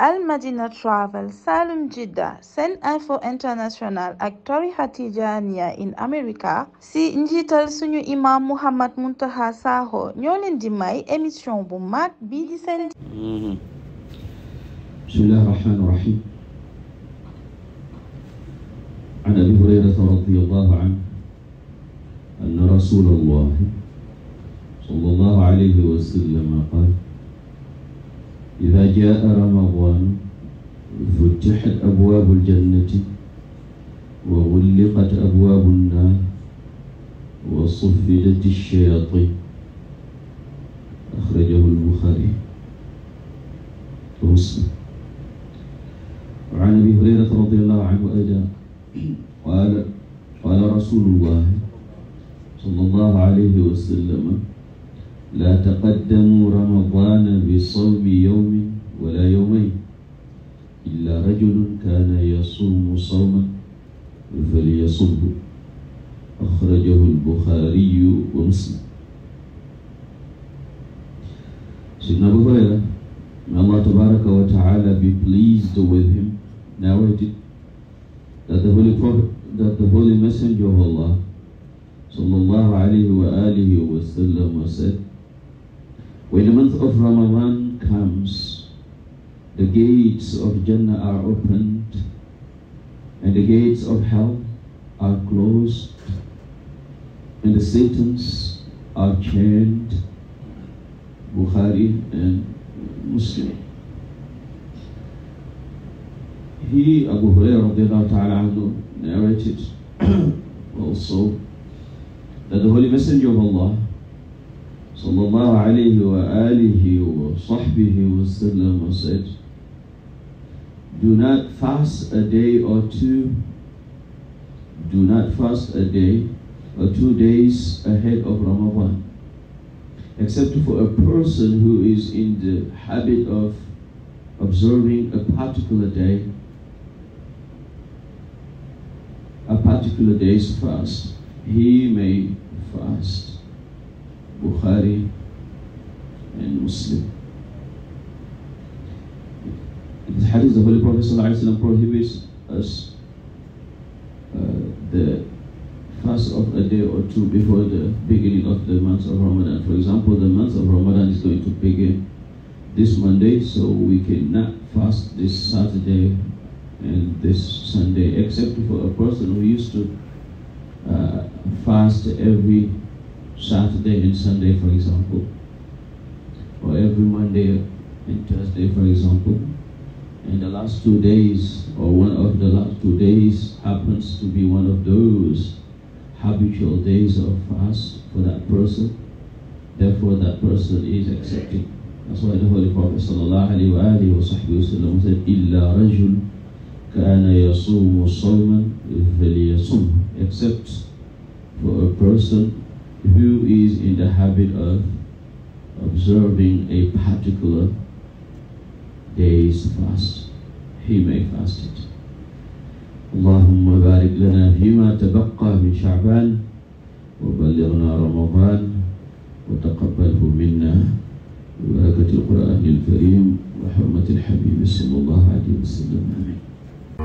Al Madina Travel Salum Jidda SeneInfo International ak tarixa Tijaaniya in America si njiital suñu imam Mouhamed Muntaqa Sakho ñoo leen di may émission bu mag bii di seen mhm. bismillahi rahmaani rahim an abi hurayrata radiyallahu anhu anna rasulallah sallallahu alayhi wa sallam qaal جاء رمضان فتحت أبواب الجنة وغلقت أبواب النار وصفدت الشياطين أخرجه البخاري ومسلم وعن أبي هريرة رضي الله عنه أيضا قال قال رسول الله صلى الله عليه وسلم لا تقدموا رمضان بصوم يوم wala yawmayn illa rajulun kaana yasuumu sawman falyasumhu axrajahu albuxaariyu wa muslim Sidna Abu Hurayra may Allah tabaraka wa ta'ala be pleased with him narrated that the holy prophet that the holy messenger of Allah sallallahu alayhi wa alihi wa sallam said when the month of Ramadan comes the gates of Jannah are opened and the gates of hell are closed and the Satans are chained Bukhari and Muslim he Abu Hurairah ta'ala narrated also that the Holy Messenger of Allah sallallahu alayhi wa alihi wa sahbihi wa sallam said Do not fast a day or two. Do not fast a days ahead of Ramadan, except for a person who is in the habit of observing a particular day, a particular day's fast. He may fast. Bukhari and Muslim. the hadith of the Holy Prophet prohibits us uh, the fast of a day or two before the beginning of the month of Ramadan. For example, the month of Ramadan is going to begin this Monday, so we cannot fast this Saturday and this Sunday, except for a person who used to uh, fast every Saturday and Sunday, for example, or every Monday and Thursday, for example. in the last two days, or one of the last two days, happens to be one of those habitual days of fast for that person. Therefore, that person is accepting. That's why the Holy Prophet sallallahu alayhi wa sallam said, إِلَّا رَجُلٌ كَانَ يَصُومُ صَوْمًا فَلْيَصُمْ Except for a person who is in the habit of observing a particular days fast he may fast it allahumma barik lana fima tabaqa min sha'ban wa ballighna ramadan wa taqabbalhu minna bi barakati alqur'ani alkarim wa hurmati alhabibi sallallahu alayhi wa sallam